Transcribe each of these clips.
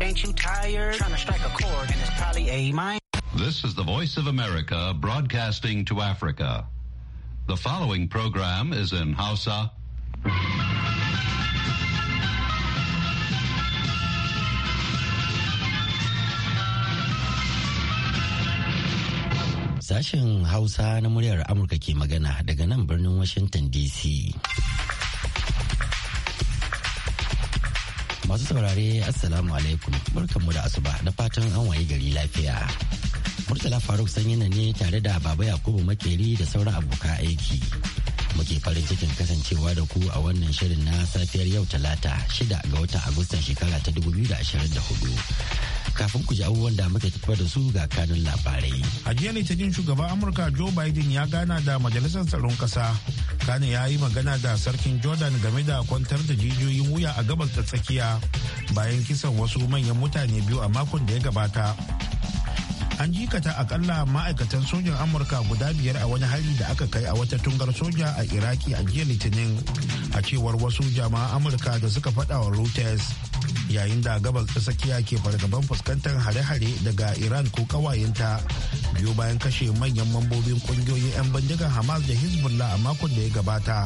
Ain't you tired? Trying to strike a chord, and it's probably A minor. This is the Voice of America broadcasting to Africa. The following program is in Hausa. Sashen Hausa na muryar Amurka ke magana daga nan birnin Washington DC. Masu saurare Assalamu alaikum barkanmu da asuba na fatan an waye gari lafiya. Murtala Faruk sanyi ne tare da Baba Yakubu Makeri da sauran abokan aiki. muke farin cikin kasancewa da ku a wannan shirin na safiyar yau talata shida ga watan agustan shekara ta 2024. kafin ku ji abubuwan da muke tafa da su ga kanun labarai. A jiya Litinin shugaban Amurka Joe Biden ya gana da majalisar tsaron kasa. Kane ya yi magana da sarkin Jordan game da kwantar da jijiyoyin wuya a gabas da tsakiya bayan kisan wasu manyan mutane biyu a makon da ya gabata. an jikata akalla ma'aikatan sojan amurka guda biyar a wani hari da aka kai a wata tungar soja a iraki a jiya litinin a cewar wasu jama'a amurka da suka fada wa reuters yayin da gabas ta tsakiya ke fargaban fuskantar hare-hare daga iran ko kawayenta biyu bayan kashe manyan mambobin kungiyoyin 'yan bindigar hamas da hezbollah a makon da ya gabata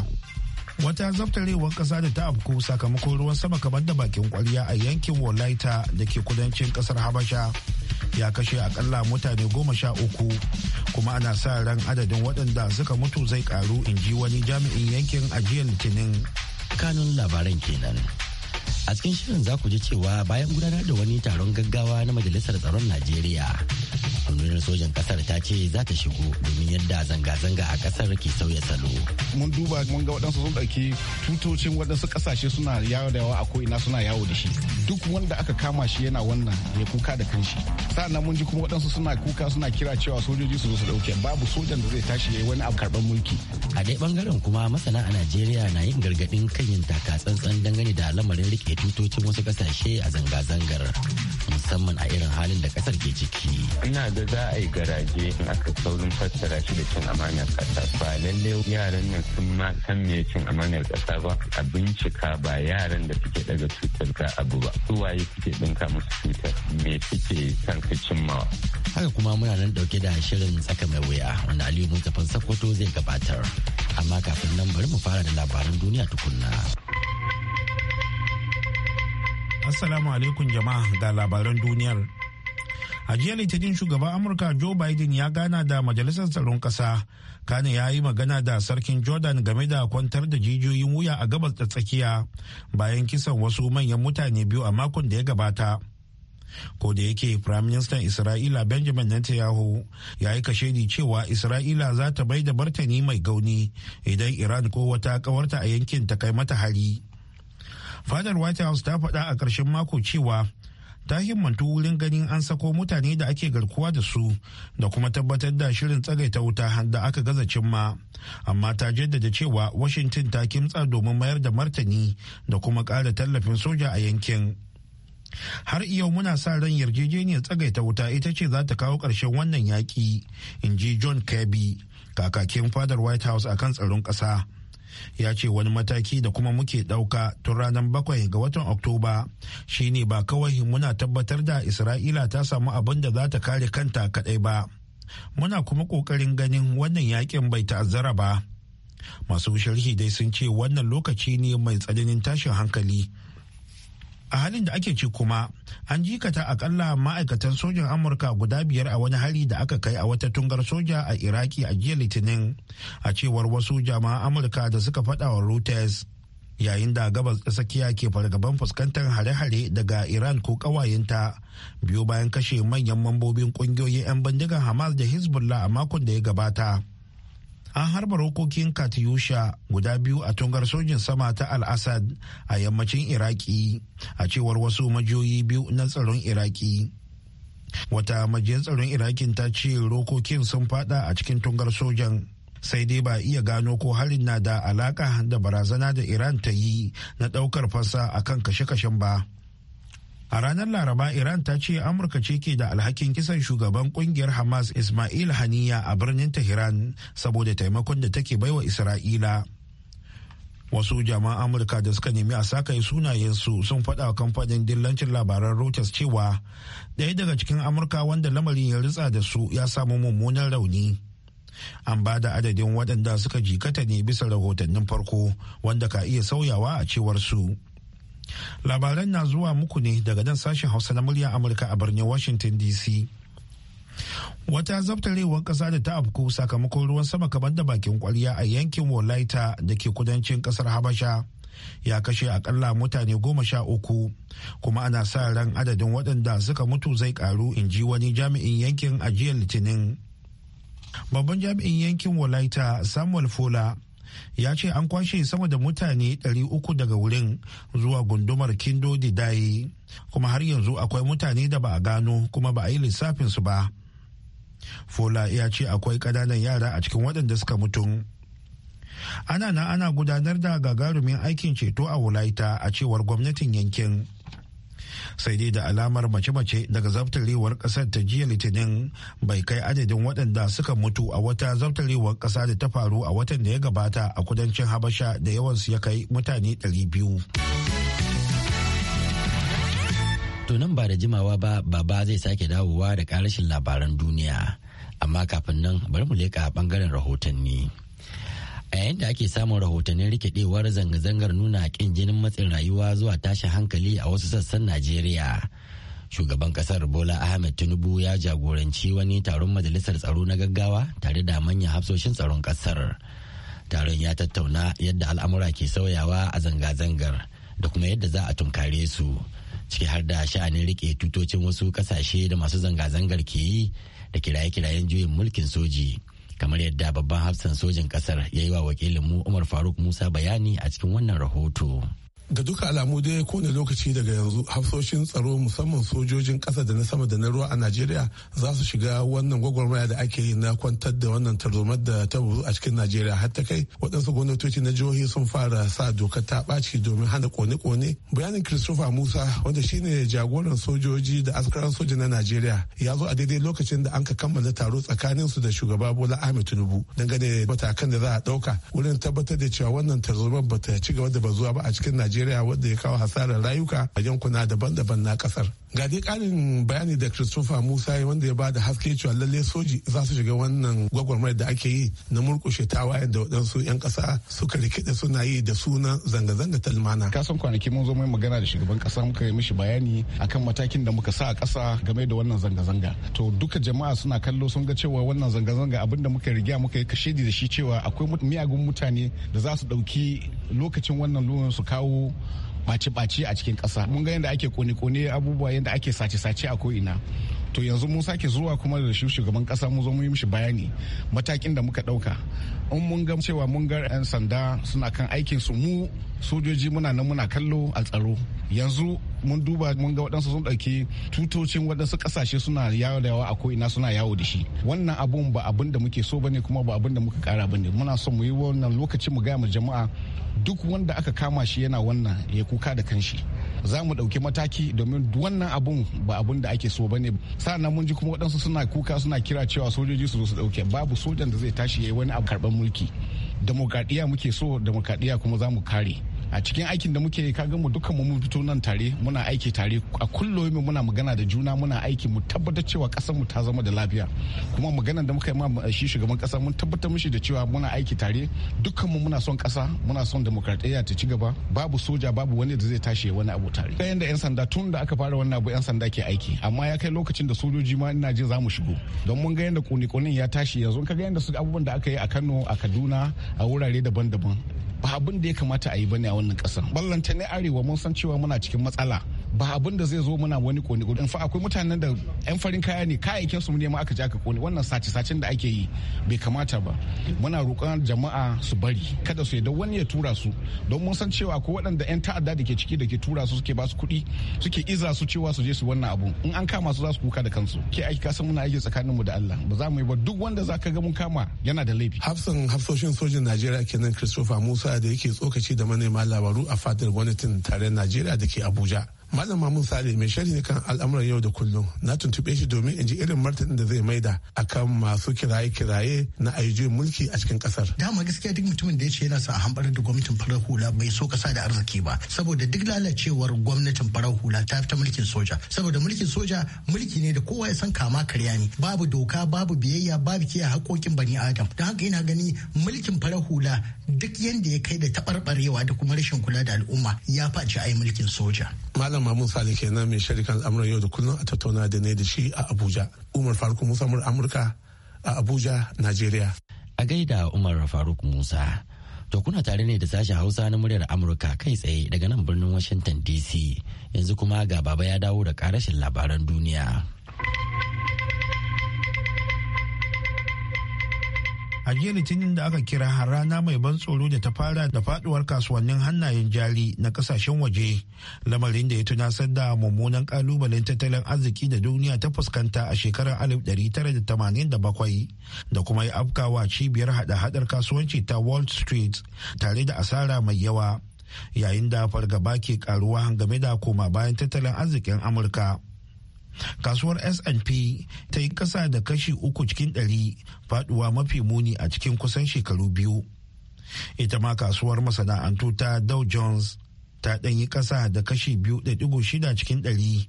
wata zaftarewar kasa da ta afku sakamakon ruwan sama kamar da bakin kwarya a yankin wala'ita da ke kudancin kasar habasha ya kashe akalla mutane goma sha uku kuma ana sa ran adadin waɗanda suka mutu zai karu in ji wani jami'in yankin ajiyar litinin kanun labaran kenan. a cikin shirin za ku ji cewa bayan gudanar da wani taron gaggawa na majalisar tsaron najeriya rundunar sojan kasar ta ce za ta shigo domin yadda zanga-zanga a kasar ke sauya salo mun duba mun ga waɗansu sun ɗauki tutocin waɗansu ƙasashe suna yawo da yawa a ko'ina suna yawo da shi duk wanda aka kama shi yana wannan ya kuka da kanshi sa'annan mun ji kuma waɗansu suna kuka suna kira cewa sojoji su zo su ɗauke babu sojan da zai tashi ya yi wani abu karɓar mulki a dai ɓangaren kuma masana a najeriya na yin gargaɗin kan yin tsantsan dangane da lamarin rike tutocin wasu kasashe a zanga-zangar musamman a irin halin da kasar ke ciki. Ina da za a yi garaje in aka saurin fassara shi da cin amanar kasa ba lalle yaran nan sun ma san me cin amanar kasa ba a bincika ba yaran da suke daga cutar ga abu ba su waye suke dinka musu cutar me suke san ka cimmawa. Haka kuma muna nan dauke da shirin tsaka mai wuya wanda Aliyu Mustapha sakoto zai gabatar amma kafin nan bari mu fara da labaran duniya tukunna. Assalamu alaikum jama'a ga labaran duniyar. A jiya litinin shugaban Amurka Joe Biden ya gana da majalisar tsaron ƙasa. Kane ya yi magana da sarkin Jordan game da kwantar da jijiyoyin wuya a gabas da tsakiya bayan kisan wasu manyan mutane biyu a makon da ya gabata. Ko da yake Prime Minister Isra'ila Benjamin Netanyahu ya yi kashedi cewa Isra'ila za ta bai da martani mai gauni idan Iran ko wata kawarta a yankin ta kai mata hari. fadar white house ta faɗa a ƙarshen mako cewa ta himmantu wurin ganin an sako mutane da ake garkuwa da su da kuma tabbatar da shirin tsagaita wuta da aka gaza cimma amma ta jaddada cewa washington ta kimtsa domin mayar da martani da kuma ƙara tallafin soja a yankin har yau muna sa ran yarjejeniyar tsagaita wuta ita ce za ta kawo ƙarshen wannan yaƙi in ji john kirby kakakin fadar white house akan tsaron ƙasa ya ce wani mataki da kuma muke ɗauka tun ranar bakwai ga watan oktoba shine ba kawai muna tabbatar da isra'ila ta samu abin da za ta kare kanta kaɗai ba muna kuma ƙoƙarin ganin wannan yakin bai ta'azzara ba masu sharhi dai sun ce wannan lokaci ne mai tsananin tashin hankali a halin da ake ci kuma an jikata akalla ma'aikatan sojan amurka guda biyar a wani hari da aka kai a wata tungar soja a iraki a jiya litinin a cewar wasu jama'an amurka da suka faɗa wa reuters yayin da gabas tsakiya ke fargaban fuskantar hare-hare daga iran ko ƙawayenta biyo bayan kashe manyan mambobin ƙungiyoyin 'yan bindigar hamas da hezbollah a makon da ya gabata an harba rokokin katiyusha guda biyu a tungar sojin sama ta al-assad a yammacin iraki a cewar wasu majiyoyi biyu na tsaron iraki wata majiyar tsaron irakin ta ce rokokin sun fada a cikin tungar sojan sai dai ba iya gano ko harin na da alaka da barazana da iran ta yi na daukar fasa akan kashe-kashen ba A ranar Laraba Iran ta ce Amurka ce ke da alhakin kisan shugaban kungiyar Hamas Ismail Haniya a birnin Tehran saboda taimakon da take baiwa Isra'ila. Wasu jama'an Amurka da suka nemi a sakaye sunayensu sun faɗa wa kamfanin dillancin labaran Reuters cewa ɗaya daga cikin Amurka wanda lamarin ya ritsa da su ya samu mummunan rauni. An ba da adadin waɗanda suka jikata ne bisa rahotannin farko wanda ka iya sauyawa a cewar su. Labaran na zuwa muku ne daga nan sashen Hausa na murya Amurka a birnin Washington DC. Wata zaftarewar ƙasa da ta afku sakamakon ruwan sama kamar da bakin kwarya a yankin Wolaita da ke kudancin ƙasar Habasha. ya kashe akalla mutane goma sha uku kuma ana sa ran adadin waɗanda suka mutu zai karu in ji wani jami'in yankin ajiyar litinin babban jami'in yankin walaita samuel fola ya ce an kwashe sama da mutane 300 daga wurin zuwa gundumar kindo didayi kuma har yanzu akwai mutane da ba a gano kuma ba a yi lissafin su ba fola ya ce akwai ƙananan yara a cikin waɗanda suka mutu ana na ana gudanar da gagarumin aikin ceto a wulaita a cewar gwamnatin yankin sai dai da alamar mace-mace daga zaftarewar kasar ta jiya litinin bai kai adadin waɗanda suka mutu a wata zaftarewar ƙasa da ta faru a watan da ya gabata a kudancin habasha da yawansu ya kai mutane 200 nan ba da jimawa ba baba zai sake dawowa da karashin labaran duniya amma kafin nan bari mu leƙa bangaren rahotanni. a yadda ake samun rahotannin rikidewar zanga-zangar nuna kin jinin matsin rayuwa zuwa tashin hankali a wasu sassan najeriya shugaban kasar bola ahmed tinubu ya jagoranci wani taron majalisar tsaro na gaggawa tare da manyan hafsoshin tsaron kasar taron ya tattauna yadda al'amura ke sauyawa a zanga-zangar da kuma yadda za a tunkare su ciki har da sha'anin rike tutocin wasu kasashe da masu zanga-zangar ke yi da kiraye-kirayen juyin mulkin soji kamar yadda babban hafsan sojin kasar ya yi wa wakilinmu umar faruk musa bayani a cikin wannan rahoto. da duka alamu dai kone lokaci daga yanzu hafsoshin tsaro musamman sojojin kasa da na sama da na ruwa a najeriya za su shiga wannan gwagwarmaya da ake yi na kwantar da wannan tarzomar da ta buzu a cikin najeriya har ta kai waɗansu gwamnatoci na jihohi sun fara sa dokar ta ɓaci domin hana kone-kone bayanin christopher musa wanda shine jagoran sojoji da askaran soja na najeriya ya zo a daidai lokacin da an ka kammala taro tsakanin su da shugaba bola ahmed tinubu dangane matakan da za a ɗauka wurin tabbatar da cewa wannan tarzomar ba ta ci gaba da bazuwa ba a cikin najeriya najeriya wadda ya kawo hasarar rayuka a yankuna daban-daban na kasar ga dai karin bayani da christopher musa wanda ya bada haske cewa lalle soji za su shiga wannan gwagwarmar da ake yi na murkushe tawayen da waɗansu 'yan ƙasa suka rikide suna yi da sunan zanga-zanga talmana ka san kwanaki mun zo mai magana da shugaban ƙasa muka yi mishi bayani akan matakin da muka sa a ƙasa game da wannan zanga-zanga to duka jama'a suna kallo sun ga cewa wannan zanga-zanga abin da muka riga muka yi kashedi da shi cewa akwai miyagun mutane da za su ɗauki lokacin wannan luwan su kawo bace ɓaci a cikin kasa mun ga yadda ake kone-kone abubuwa yadda ake sace-sace a ko'ina to yanzu mun sake zuwa kuma da shi shugaban ƙasa mun zo mun yi mishi bayani matakin da muka ɗauka in mun ga cewa mun ga 'yan sanda suna kan aikin su mu sojoji muna nan muna kallo a tsaro yanzu mun duba mun ga waɗansu sun ɗauki tutocin waɗansu ƙasashe suna yawo da yawa a ko'ina suna yawo da shi wannan abun ba abin da muke so bane kuma ba abin da muka ƙara bane muna son mu yi wannan lokaci mu gaya mu jama'a duk wanda aka kama shi yana wannan ya kuka da kanshi za mu ɗauki mataki domin wannan abun ba abun da ake so ba ne sa'annan mun ji kuma waɗansu suna kuka suna kira cewa sojoji su zo su ɗauke babu sojan da zai tashi ya yi wani abu karɓar mulki demokradiyya muke so demokradiyya kuma za mu kare a cikin aikin da muke ka mu dukkan mu mun fito nan tare muna aiki tare a kullum muna magana da juna muna aiki mu tabbatar cewa kasar mu ta zama da lafiya kuma magana da muka yi ma eh, shi shugaban kasa mun tabbatar mishi da cewa muna aiki tare dukkan mu muna son kasa muna son demokradiyya ta ci gaba babu soja babu wani da zai tashi wani abu tare yayin da yan sanda tun da aka fara wannan abu yan sanda ke aiki amma ya kai lokacin da sojoji ma ina jin zamu shigo don mun ga yanda kuni kunin ya tashi yanzu ka ga yanda su abubuwan da aka yi a Kano a Kaduna a wurare daban-daban ba abin da ya kamata a yi bane a wannan kasar ballanta ne arewa mun san cewa muna cikin matsala ba abin da zai zo muna wani kone gudun fa akwai mutanen da yan farin kaya ne kayayyakin su ne ma aka je aka kone wannan sace sacen da ake yi bai kamata ba muna roƙon jama'a su bari kada su yadda wani ya tura su don mun san cewa akwai waɗanda yan ta'adda da ke ciki da ke tura su suke ba su kuɗi suke iza su cewa su je su wannan abu in an kama su za su kuka da kansu ke aiki kasan muna aiki tsakanin mu da Allah ba za mu yi ba duk wanda za ka ga mun kama yana da laifi hafsan hafsoshin sojin Najeriya kenan Christopher Musa da yake tsokaci da manema labaru a fadar gwamnatin tare Najeriya da ke Abuja Malam musa ali mai sharhi ne kan al'amuran yau da kullum na tuntuɓe shi domin in ji irin martanin da zai maida akan masu kiraye-kiraye na ayyujin mulki a cikin kasar. Dama gaskiya duk mutumin da ya ce yana sa a hambarar da gwamnatin farar hula bai so kasa da arziki ba saboda duk lalacewar gwamnatin farar hula ta fita mulkin soja saboda mulkin soja mulki ne da kowa ya san kama karya ne babu doka babu biyayya babu kiyaye haƙoƙin bani adam don haka ina gani mulkin farar hula duk yanda ya kai da taɓarɓarewa da kuma rashin kula da al'umma ya faci a yi mulkin soja. Malam Malam Mahmud Sale kenan mai shirikan al'amuran yau da kullum a tattauna da ne da shi a Abuja. Umar Faruk Musa Amurka a Abuja, Najeriya. A gaida Umar Faruk Musa. To kuna tare ne da sashen Hausa na muryar Amurka kai tsaye daga nan birnin Washington DC. Yanzu kuma ga baba ya dawo da karashin labaran duniya. a jiya litinin da aka kira rana mai ban tsoro da ta fara da faduwar kasuwannin hannayen jari na kasashen waje lamarin da ya tunasar da mummunan kalubalen tattalin arziki da duniya ta fuskanta a shekarar 1987 da kuma ya afkawa cibiyar hada-hadar kasuwanci ta wall street tare da asara mai yawa yayin da fargaba ke karuwa game da koma bayan tattalin arzikin amurka kasuwar S&P ta yi kasa da kashi uku cikin ɗari faduwa mafi muni a cikin kusan shekaru biyu. Ita ma kasuwar masana'antu ta Dow Jones ta ɗanyi yi ƙasa da kashi biyu da ɗigo shida cikin ɗari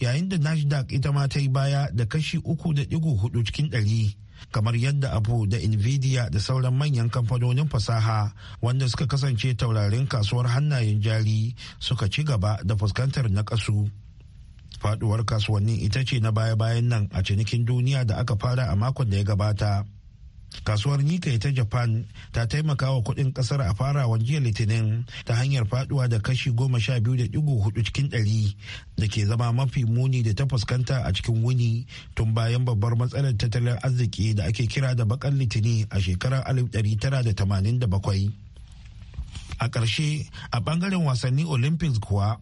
yayin da Nasdaq ita ma ta yi baya da kashi uku da ɗigo hudu cikin ɗari. kamar yadda abu da nvidia da sauran manyan kamfanonin fasaha wanda suka kasance taurarin kasuwar hannayen jari suka ci gaba da fuskantar kasu faduwar kasuwannin ita ce na baya-bayan nan a cinikin duniya da aka fara a makon da ya gabata kasuwar nikkei ta japan ta taimaka wa kudin kasar a farawan jiya litinin ta hanyar faduwa da kashi goma sha biyu da digo hudu cikin ɗari da ke zama mafi muni da ta fuskanta a cikin wuni tun bayan babbar matsalar tattalin arziki da ake kira da bakan litini a shekarar bakwai. a ƙarshe a ɓangaren wasannin olympics kuwa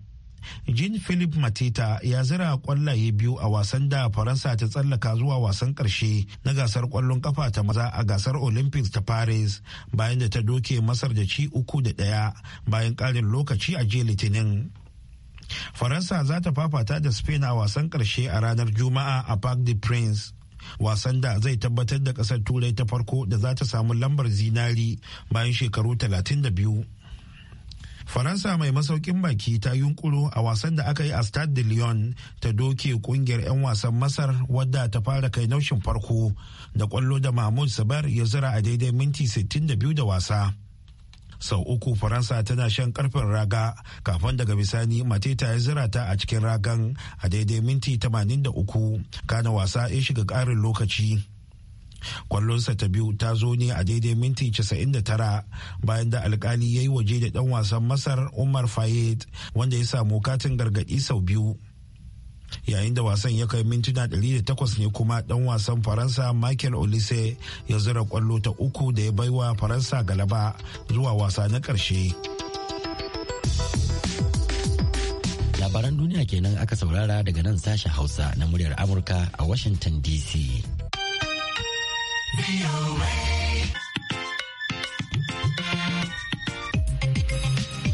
jean-philippe matita ya zira kwallaye biyu a wasan da faransa ta tsallaka zuwa wasan karshe na gasar kwallon kafa ta maza a gasar olympics ta paris bayan da ta doke masar da ci uku da daya bayan karin lokaci a jiya litinin faransa za ta fafata da spain a wasan karshe a ranar juma'a a park de prince wasan da zai tabbatar da kasar turai ta farko da za ta samu lambar zinari bayan shekaru 32 faransa mai masaukin baki ta yunkuro a wasan da aka yi a stade de lyon ta doke kungiyar 'yan wasan masar wadda ta fara kai naushin farko da kwallo da mahmud sabar ya zira a daidai minti 62 da wasa sau uku faransa tana shan karfin raga kafin daga bisani mateta ya zira ta a cikin ragan a daidai minti 83 kana wasa ya shiga ƙarin lokaci kwallonsa ta biyu ta zo ne a daidai minti 99 bayan da alkali ya yi waje da dan wasan masar umar fayed wanda ya samu katin gargadi sau biyu yayin da wasan ya kai mintuna 108 ne kuma dan wasan faransa michael olise ya zura kwallo ta uku da ya baiwa faransa galaba zuwa wasa na karshe labaran duniya kenan aka saurara daga nan sashen hausa na muryar amurka a washington dc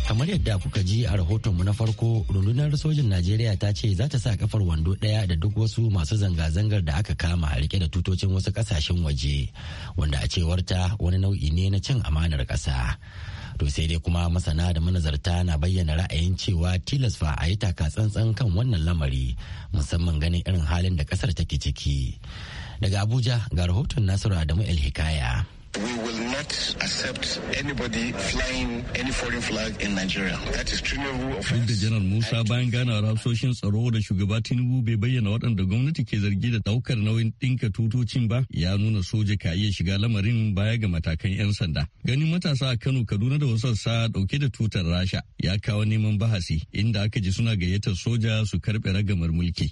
kamar yadda kuka ji a rahotonmu na farko rundunar sojin najeriya ta ce za ta sa kafar wando daya da duk wasu masu zanga-zangar da aka kama a rike da tutocin wasu kasashen waje wanda a cewarta wani nau'i ne na cin amanar ƙasa to sai dai kuma masana da manazarta na bayyana ra'ayin cewa tilas fa a yi taka tsantsan kan wannan lamari musamman ganin irin halin da ƙasar take ciki Daga Abuja ga rahoton Nasiru Adamu El Hikaya. we will not accept anybody flying any foreign flag in Nigeria. That is Duk da Janar Musa bayan gana hafsoshin tsaro da shugaba Tinubu bai bayyana waɗanda gwamnati ke zargi da ɗaukar nauyin ɗinka tutocin ba ya nuna soja ka iya shiga lamarin baya ga matakan 'yan sanda. Ganin matasa a Kano Kaduna da wasu sa ɗauke da tutar Rasha ya kawo neman bahasi inda aka ji suna gayyatar soja su karɓe ragamar mulki.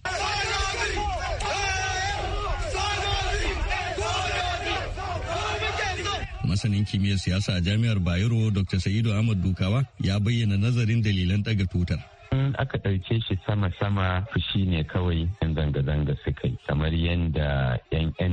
masanin kimiyyar siyasa a jami'ar bayero dr sa'idu ahmad dukawa ya bayyana nazarin dalilan daga tutar in aka ɗauke shi sama-sama fushi ne kawai yan zanga-zanga suka yi kamar yadda yan yan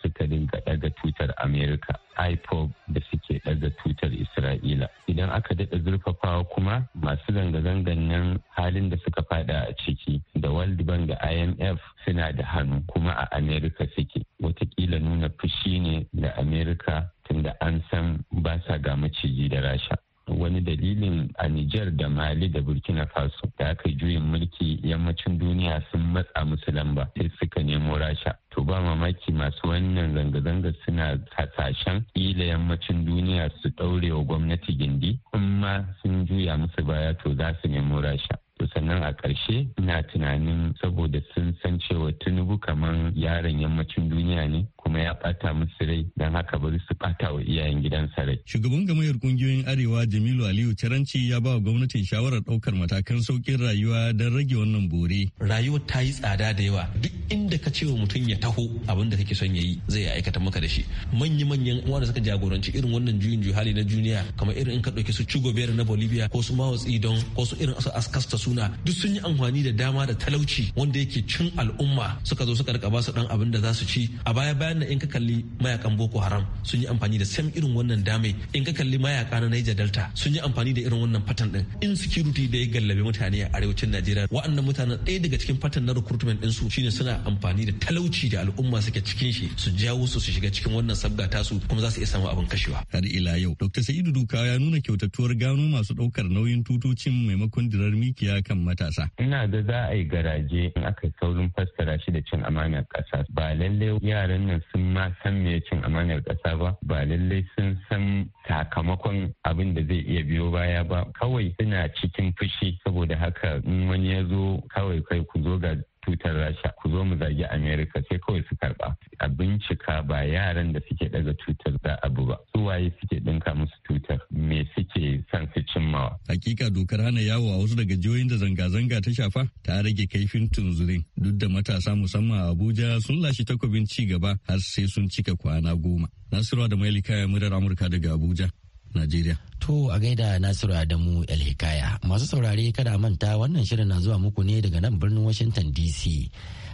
suka dinga ɗaga tutar amerika ipob da suke ɗaga tutar isra'ila idan aka daɗa zurfafawa kuma masu zanga-zangan nan halin da suka fada a ciki da world bank da imf suna da hannu kuma a amerika suke watakila nuna fushi ne da amerika tunda an san ba sa ga maciji da rasha wani dalilin a Nijar da Mali da Burkina Faso da aka juyin mulki yammacin duniya sun matsa musu lamba sai suka nemo rasha. To ba mamaki masu wannan zanga-zanga suna hasashen ila yammacin duniya su ɗaure wa gwamnati gindi kuma sun juya musu baya to za su nemo rasha. to sannan a ƙarshe ina tunanin saboda sun san cewa tunubu kamar yaron yammacin duniya ne kuma ya bata musu rai don haka bari su bata wa iyayen gidansa rai. Shugaban gamayar kungiyoyin Arewa Jamilu Aliyu Caranci ya ba wa gwamnatin shawarar ɗaukar matakan saukin rayuwa don rage wannan bore. Rayuwar ta yi tsada da yawa duk inda ka ce wa mutum ya taho abin da kake son ya yi zai aikata maka da shi. Manya-manyan wanda suka jagoranci irin wannan juyin hali na duniya kamar irin in ka ɗauki su Chugobera na Bolivia ko su Mao Zedong ko su irin su Askasta suna duk sun yi amfani da dama da talauci wanda yake cin al'umma suka zo suka rika ba su dan abin da za su ci a baya bayan in ka kalli mayakan boko haram sun yi amfani da sam irin wannan dame in ka kalli mayaka na niger delta sun yi amfani da irin wannan fatan din insecurity da ya gallabe mutane a arewacin najeriya wa'annan mutanen ɗaya daga cikin fatan na recruitment din su shine suna amfani da talauci da al'umma suke cikin shi su jawo su su shiga cikin wannan sabga tasu kuma za su iya samu abin kashewa har ila yau dr sa'idu duka ya nuna kyautattuwar gano masu ɗaukar nauyin tutocin maimakon dirar mikiya kan matasa ina da za a yi garaje in aka saurin fassara shi da cin amana ƙasa ba lallai yaran nan sun ma san me cin amanar ƙasa ba ba lallai sun san sakamakon abin da zai iya biyo baya ba kawai suna cikin fushi saboda haka in wani ya zo kawai kai ku zo ga tutar rasha ku zo mu zagi america sai kawai su karba a bincika ba yaran da suke daga tutar da abu ba su waye suke dinka musu tutar me suke son su cimmawa hakika dokar hana yawo a wasu daga jihohin da zanga-zanga ta shafa ta rage kaifin tunzurin duk da matasa musamman a abuja sun lashe takobin ci gaba har sai sun cika kwana goma nasiru da mailika ya murar amurka daga abuja Najeriya. To a gaida Nasiru Adamu Hikaya masu saurare kada manta wannan shirin na zuwa muku ne daga nan birnin Washington DC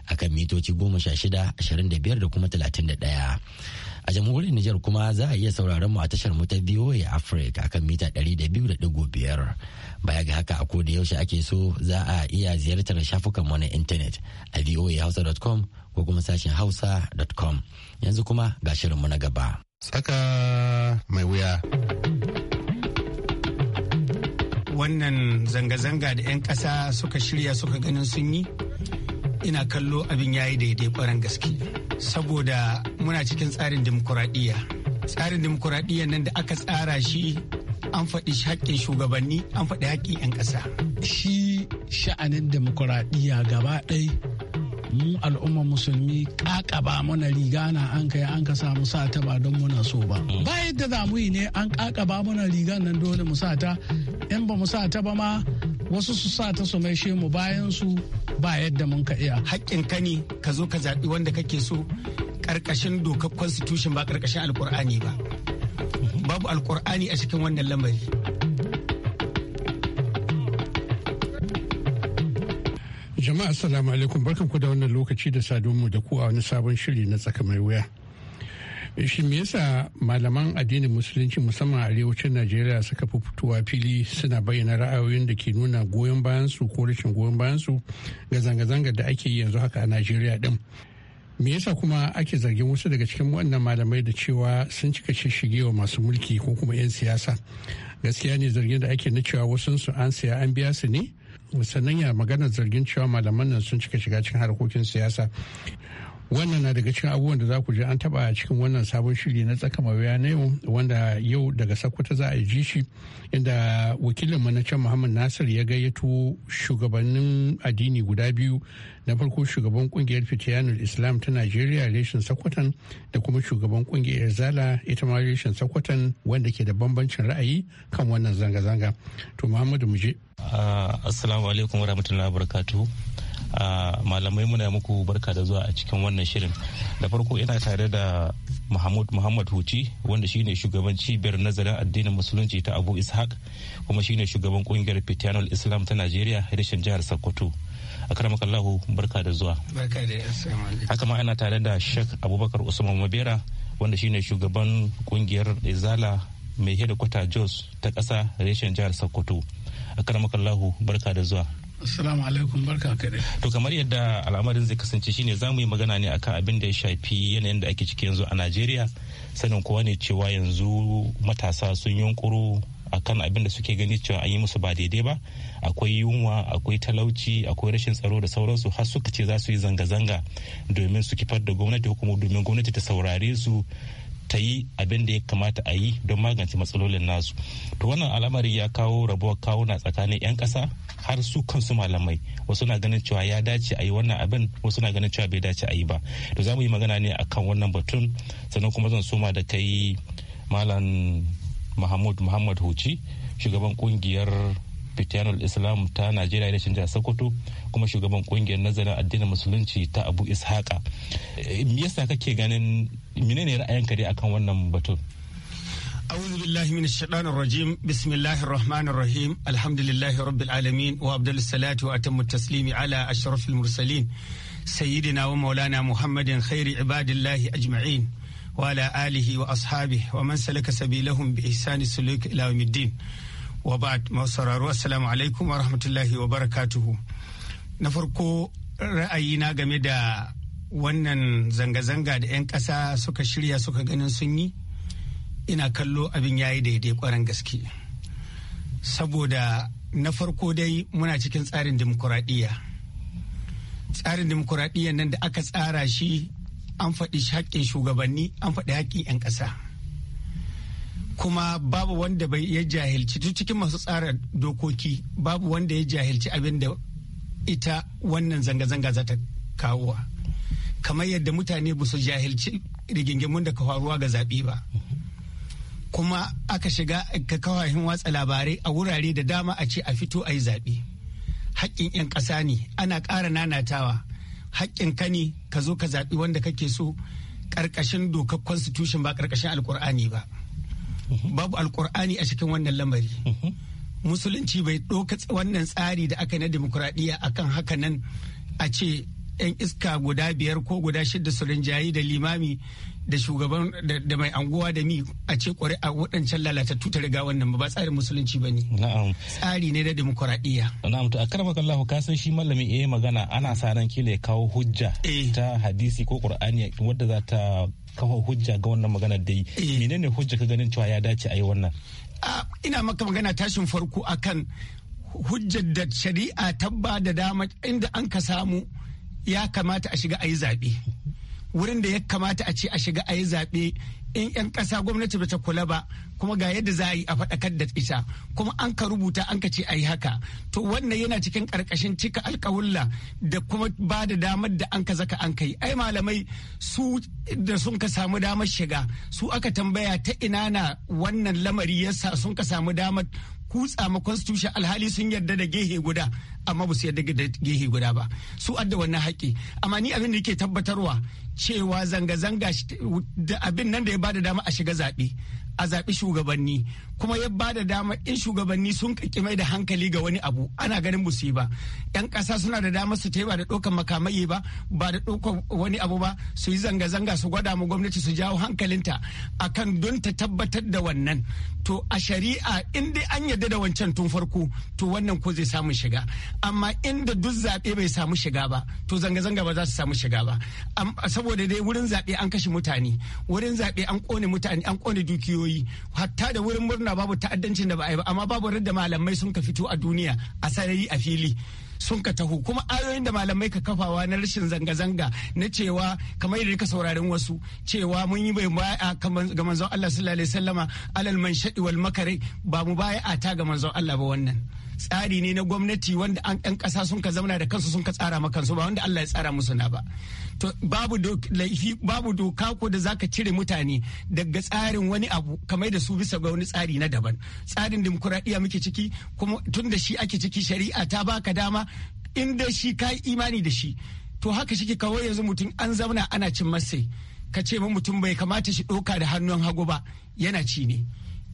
akan mitoci goma sha shida ashirin da biyar da kuma talatin da ɗaya. A jamhuriyar Nijar kuma za a iya sauraron mu a tashar mu ta VOA Africa akan mita ɗari da biyu da ɗigo biyar. Baya ga haka a koda yaushe ake so za a iya ziyartar shafukan mu na intanet a voahausa.com ko kuma sashen hausa.com. Yanzu kuma ga shirin mu na gaba. tsaka mai wuya. Wannan zanga-zanga da 'yan ƙasa suka shirya suka ganin sun yi, ina kallo abin ya yi daidai ƙwarar gaske. Saboda muna cikin tsarin dimokuraɗiyya. Tsarin dimokuraɗiyya nan da aka tsara shi an faɗi haƙƙin shugabanni an faɗi haƙƙin 'yan ƙasa. Shi sha'anin dimokuraɗiyya gaba ɗaya mu al'ummar musulmi kakaba mana riga na an kai an ka sa mu sa ta ba don muna so ba ba yadda za mu yi ne an kakaba mana riga nan dole mu sa ta in ba mu sa ba ma wasu su sa ta su maishe mu bayan su ba yadda mun ka iya haƙƙin ka ne ka zo ka zaɓi wanda kake so ƙarƙashin dokar constitution ba ƙarƙashin alƙur'ani ba babu alƙur'ani a cikin wannan lamari Jama'a assalamu alaikum barkanku da wannan lokaci da saduwa da ku a wani sabon shiri na tsaka mai wuya. Shi me yasa malaman addinin musulunci musamman a arewacin Najeriya suka fi fitowa fili suna bayyana ra'ayoyin da ke nuna goyon bayan su ko rashin goyon bayan su ga zanga-zanga da ake yi yanzu haka a Najeriya din. Me yasa kuma ake zargin wasu daga cikin wannan malamai da cewa sun cika shishigewa masu mulki ko kuma 'yan siyasa. Gaskiya ne zargin da ake na cewa wasunsu an siya an biya su ne? sannan ya maganar zargin cewa malaman nan sun cika shiga cikin harkokin siyasa wannan na daga cikin abubuwan da za ku ji an taba a cikin wannan sabon shiri na tsaka mawuya na yau wanda yau daga sakkwata za a ji shi inda wakilin na can muhammad nasir ya gayyato shugabannin addini guda biyu na farko shugaban kungiyar fitiyanar islam ta najeriya reshen sakkwatan da kuma shugaban kungiyar zala ita ma reshen sakkwatan wanda ke da bambancin ra'ayi kan wannan zanga-zanga to muhammadu muje ah, assalamu alaikum warahmatullahi wabarakatuh malamai muna muku barka da zuwa a cikin wannan shirin da farko ina tare da mahmud muhammad huci wanda shine shugaban cibiyar nazarin addinin musulunci ta abu ishaq kuma shine shugaban kungiyar fitianul islam ta najeriya reshen jihar sokoto akramakallahu barka da zuwa haka ma ana tare da shek abubakar usman mabera wanda shine shugaban kungiyar izala mai hedikwata jos ta ƙasa reshen jihar sokoto akramakallahu barka da zuwa Assalamu alaikum barka kare. To kamar yadda al'amarin zai kasance shine za mu yi magana ne akan abin da ya shafi yanayin da ake ciki yanzu a Najeriya sanin kowa ne cewa yanzu matasa sun yunkuru akan abin da suke gani cewa an yi musu ba daidai ba akwai yunwa akwai talauci akwai rashin tsaro da sauransu har suka ce za su yi zanga-zanga domin su kifar da gwamnati ko kuma domin gwamnati ta saurare su ta yi abin da ya kamata a yi don magance matsalolin nasu to wannan al'amari ya kawo rabuwar kawuna tsakanin 'yan ƙasa har su kansu malamai wasu na ganin cewa ya dace a yi wannan abin wasu na ganin cewa bai dace a yi ba to za mu yi magana ne akan wannan batun sannan kuma zan soma da kai malam mahmud muhammad huci shugaban kungiyar fitanul islam ta najeriya da canja sokoto kuma shugaban kungiyar nazarin addinin musulunci ta abu ishaqa me yasa kake ganin menene ra'ayinka dai akan wannan batun أعوذ بالله من الشيطان الرجيم بسم الله الرحمن الرحيم الحمد لله رب العالمين وأبدل الصلاة وأتم التسليم على أشرف المرسلين سيدنا ومولانا محمد خير عباد الله أجمعين وعلى آله وأصحابه ومن سلك سبيلهم بإحسان السلوك إلى يوم الدين wa ba'd masauraro assalamu alaikum wa rahmatullahi wa barakatuhu na farko ra'ayina game da wannan zanga-zanga da 'yan ƙasa suka shirya suka ganin sun yi ina kallo abin yayi daidai kwaran gaske saboda na farko dai muna cikin tsarin dimokuraɗiyya tsarin dimokuraɗiyya nan da aka tsara shi an faɗi haƙƙin shugabanni an faɗi haƙƙin 'yan ƙasa kuma babu wanda bai ya jahilci duk cikin masu tsara dokoki babu wanda ya jahilci abin da ita wannan zanga-zanga za ta kawo kamar yadda mutane ba su jahilci rigingimun da ka faruwa ga zaɓe ba kuma aka shiga ka kawahin watsa labarai a wurare da dama a ce a fito a yi zaɓe haƙƙin 'yan ƙasa ne ana ƙara nanatawa haƙƙin ka ne ka zo ka zaɓi wanda kake so ƙarƙashin dokar constitution ba ƙarƙashin alƙur'ani ba. babu alkur'ani a cikin wannan lamari musulunci bai ɗauka wannan tsari da aka na demokuraɗiyya akan haka nan a ce 'yan iska guda biyar ko guda shida su rinjayi da limami da shugaban da mai anguwa da mi a ce a waɗancan lalatattu ta riga wannan ba tsarin musulunci ba ne. Na'am. Tsari ne na demokuraɗiyya. Na'am to a karfa kallahu kasan shi malamin eh magana ana sa ran kila ya kawo hujja eh. ta hadisi ko qur'ani wadda za ta kawo hujja ga wannan maganar da eh. menene hujja ka ganin cewa ya dace a yi wannan ina maka magana tashin farko akan hujjar da shari'a tabba da dama inda an ka samu ya kamata a shiga a yi zaɓe wurin da ya kamata a ce a shiga a yi zaɓe in 'yan ƙasa gwamnati ba ta kula ba kuma ga yadda za a yi a faɗakar da ita kuma an ka rubuta an ka ce a yi haka to wannan yana cikin ƙarƙashin cika alƙawulla da kuma ba da damar da an ka zaka an ka yi ai malamai su da sun ka samu damar shiga su aka tambaya ta ina na wannan lamari yasa sun ka samu damar kutsa ma constitution alhali sun yarda da gehe guda amma ba su yarda da gehe guda ba su adda wannan haƙƙi amma ni abin da yake tabbatarwa cewa zanga-zanga da abin nan da ya bada dama a shiga zaɓe a zaɓi shugabanni kuma ya bada dama in shugabanni sun kaki mai da hankali ga wani abu ana ganin musu ba yan kasa suna da dama su ba da ɗaukan makamai ba ba da ɗaukan wani abu ba su yi zanga-zanga su gwada mu gwamnati su jawo hankalinta akan don ta tabbatar da wannan to a shari'a in dai an yarda da wancan tun farko to wannan ko zai samu shiga amma inda duk zaɓe bai samu shiga ba to zanga-zanga ba za su samu shiga ba saboda dai wurin zaɓe an kashe mutane wurin zaɓe an ƙone mutane an ƙone dukiyoyi hatta da wurin murna tuna babu ta'addancin da ba a yi ba amma babu da malamai sun ka fito a duniya a sarari a fili sun ka taho kuma ayoyin da malamai ka kafawa na rashin zanga-zanga na cewa kamar yadda ka saurarin wasu cewa mun yi bai baya ga manzon Allah sallallahu alaihi wasallama alal man shadi wal makare ba mu baya ta ga manzon Allah ba wannan tsari ne na gwamnati wanda an ɗan ƙasa sun ka zauna da kansu sun ka tsara ma kansu ba wanda Allah ya tsara musu na ba to babu laifi babu doka ko da zaka cire mutane daga tsarin wani abu kamar da su bisa ga wani tsari na daban tsarin dimokuraɗiyya muke ciki kuma tun da shi ake ciki shari'a ta baka dama in da shi ka imani da shi to haka shi kawai yanzu mutum an zauna ana cin masai ka ce ma mutum bai kamata shi ɗauka da hannun hagu ba yana ci ne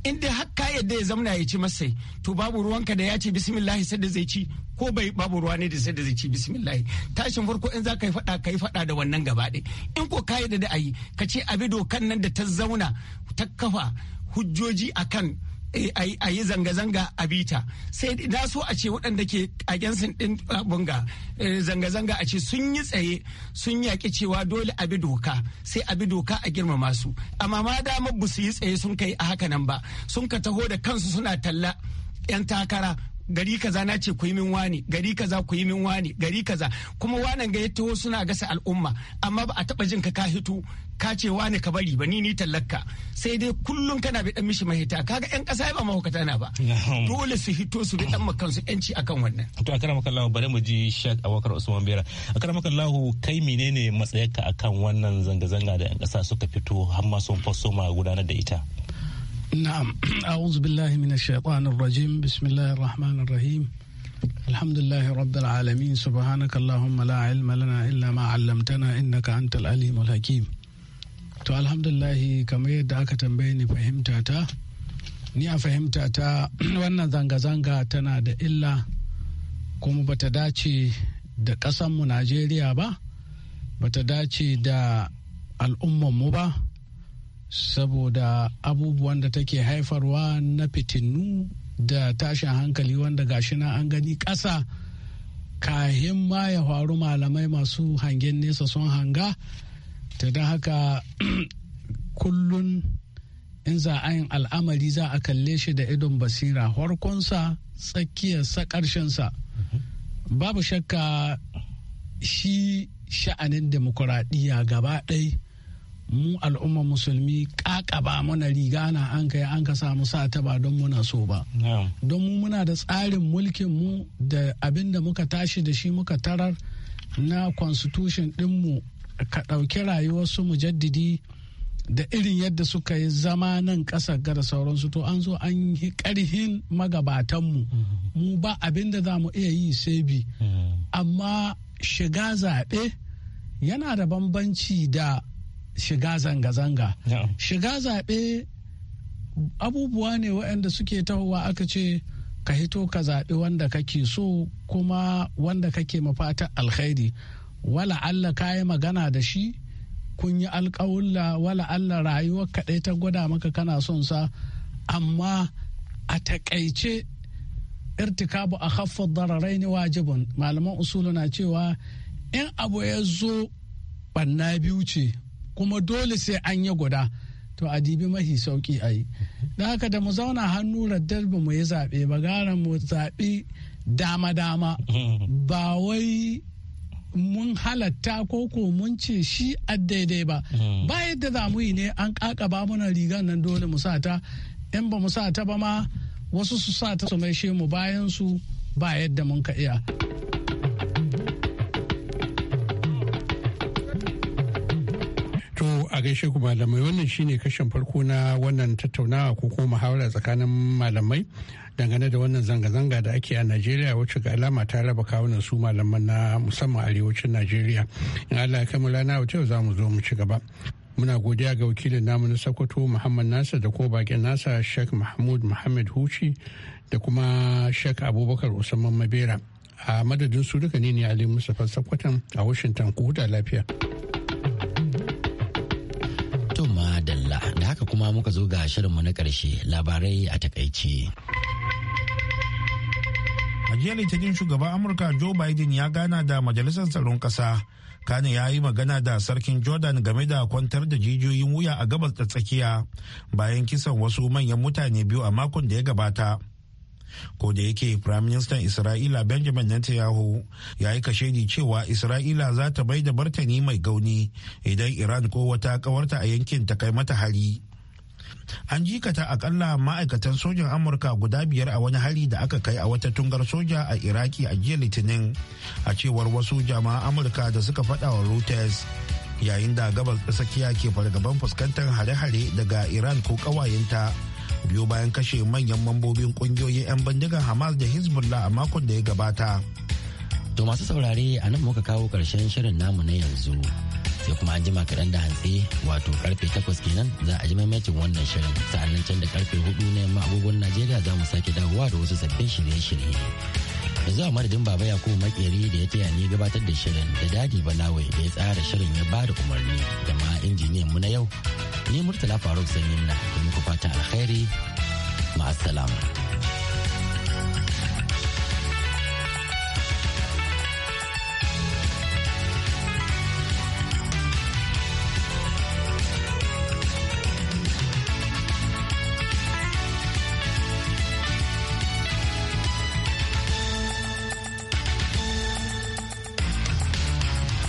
in dai har ka yadda ya zamana ya ci masai to babu ruwanka da ya ce bismillahi sai da zai ci ko bai babu ruwa ne da sai da zai ci bismillahi tashin farko in za ka yi fada ka yi fada da wannan gaba ɗaya in ko ka yadda da ayi ka ce abi dokan nan da ta zauna ta kafa hujjoji akan Eh, a yi zanga-zanga a bita sai na so a ce waɗanda ke a kagensin ɗin uh, bunga eh, zanga-zanga a ce sun yi tsaye sun yaƙi cewa dole a bi doka sai a bi doka a girmama su amma ma dama ba su yi tsaye sun kai a haka nan ba sun ka taho da kansu suna talla 'yan takara gari kaza na ce ku yi min wani gari kaza ku yi min wani gari kaza kuma wanan ga ya suna gasa al'umma amma ba a taba jin ka ka hito ka ce wani ka bari ba ni ni tallaka sai dai kullum kana bi dan mishi mahita kaga yan kasa ba mahaukata na ba dole su hito su bi dan makansu yanci akan wannan to akara maka Allah bare mu ji Sheikh Abubakar Usman Bera akara maka Allah kai menene matsayarka akan wannan zanga zanga da yan kasa suka fito har ma sun faso ma gudanar da ita na'am a'udhu billahi minash shaitanir rajim bismillahir rahmanir rahim alhamdulillahi rabbil alamin subhanaka allahumma la ilma lana illa ma 'allamtana innaka antal alimul hakim to alhamdulillah kamar yadda aka tambaye ni fahimta ta ni a fahimta ta wannan zanga-zanga tana da illa kuma bata dace da ƙasanmu najeriya ba bata dace da mu ba saboda abubuwan da take haifarwa na fitinu da tashin hankali wanda gashi na an gani ƙasa kahin ma ya faru malamai masu hangen nesa sun hanga ta da haka kullun in za a yin al'amari za a kalle shi da idon basira harkonsa tsakiyarsa ƙarshensa babu shakka shi sha'anin demokuraɗiyya gaba ɗaya mu al'umma musulmi kakaba mana riga na an kai an ka samu sa ta ba don muna so ba don mu muna da tsarin mulkin mu da abin da muka tashi da shi muka tarar na constitution mu. ka ɗauki su mujaddidi da irin yadda suka yi zama nan kasa ga da sauransu to an zo an yi ƙarhin magabatan mu Mu ba abin da za mu iya yi sai bi amma shiga zaɓe yana da bambanci da shiga zanga-zanga shiga zaɓe abubuwa ne waɗanda suke tahowa aka ce ka hito ka zaɓi wanda kake so kuma wanda kake mafata alkhairi wala Allah ka yi magana da shi kun yi alƙawulla wala Allah rayuwar kaɗai ta gwada maka kana son sa amma a taƙaice irtikabu a haffar dararai ne wajibin malaman usulu na cewa in abu ya zo ɓanna biyu ce kuma dole sai an yi guda to a dibi mahi sauki a yi da haka da mu zauna hannu raddar ba mu yi zaɓe ba gara mu zaɓi dama-dama ba wai mun halatta ko ko mun ce shi a daidai ba ba yadda za mu yi ne an ƙaƙaba mana rigar nan dole mu sa ta in ba mu sa ta ba ma wasu su sa ta su maishe mu bayan su ba yadda mun ka iya. a gaishe ku malamai wannan shine kashin farko na wannan tattaunawa ko kuma muhawara tsakanin malamai dangane da wannan zanga-zanga da ake a Najeriya wacce ga alama ta raba kawunan su malaman na musamman arewacin Najeriya. In Allah ya kai mu rana wata yau za mu zo mu ci gaba. muna godiya ga wakilin namu na sokoto muhammad nasa da ko bakin nasa sheikh mahmud muhammad huci da kuma sheikh abubakar usman mabera a madadin su duka ne ne ali musa sakwaton a washington ku huta lafiya. kuma muka zo ga shirinmu na ƙarshe labarai a takaice. a jiya litinin shugaban amurka joe biden ya gana da majalisar tsaron ƙasa kane ya yi magana da sarkin jordan game da kwantar da jijiyoyin wuya a gabas da tsakiya bayan kisan wasu manyan mutane biyu a makon da ya gabata ko da yake prime minister isra'ila benjamin netanyahu ya yi kashedi cewa isra'ila za ta bai da martani mai gauni idan iran ko wata kawarta a yankin ta kai mata hari an jikata akalla ma'aikatan sojan amurka guda biyar a wani hari da aka kai a wata tungar soja a iraki a jiya litinin a cewar wasu jama'a amurka da suka faɗa wa reuters yayin da gabas tsakiya ke fargaban fuskantar hare-hare daga iran ko ƙawayenta biyu bayan kashe manyan mambobin ƙungiyoyin 'yan bindigar hamas da hezbollah a makon da ya gabata to masu saurare a nan muka kawo ƙarshen shirin namu na yanzu sai kuma an jima kaɗan da hantsi wato karfe takwas kenan za a ji maimacin wannan shirin sa'annan can da karfe hudu na yamma agogon najeriya za mu sake dawowa da wasu sabbin shirye-shirye yanzu a madadin baba yakubu makeri da ya taya ni gabatar da shirin da dadi balawai da ya tsara shirin ya bada umarni da ma injiniyan mu na yau ni murtala faruk sanyin na da muku fatan alkhairi ma'assalam.